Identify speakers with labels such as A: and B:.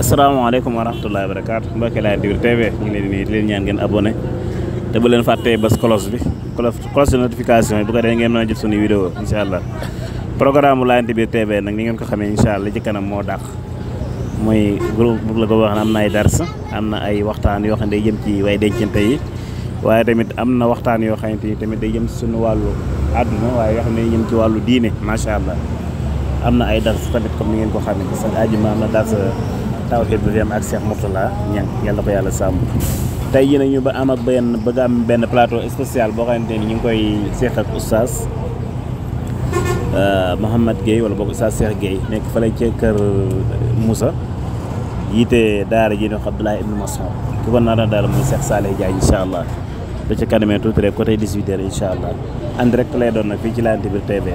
A: asalaamaaleykum wa rahmatullahi wa barakaatu mbokki Laye Dibir TV ñu ngi leen di nuyu di ñaan ngeen abonné te bu leen fàttee bas cloche bi cloche de notification yi bu ko defee ngeen mën a jot suñu vidéo incha allah programme bu Laye Dibir TV nag ni ngeen ko xamee incha allah ci kanam moo dàq mooy groupe la ko wax ne am na ay dars am na ay waxtaan yoo xam ne day jëm ci way dencante yi waaye tamit am na waxtaan yoo xamante ne tamit day jëm ci suñu wàllu àdduna waaye yoo xam ne jëm ci wàllu diine macha allah amna na ay dars tamit comme ni ngeen ko xamee gis aji ma amna na dars tawhid bi fi am ak Cheikh Mourtala ñang yalla ko yalla sam tay yi nañu ba am ak ben bëgg am ben plateau spécial bo xamante ni ñu ngi koy cheikh ak oustaz euh mohammed Gueye wala bokk oustaz Cheikh nek fa lay ci kër uh, Moussa yité daara ji wax Abdoulaye Ibn mas'ud ki ko naata daal mu Cheikh Saleh jaay inshallah ba ci kanamee tout rek côté 18h inshallah and rek lay doon nak fi ci Lantibir TV.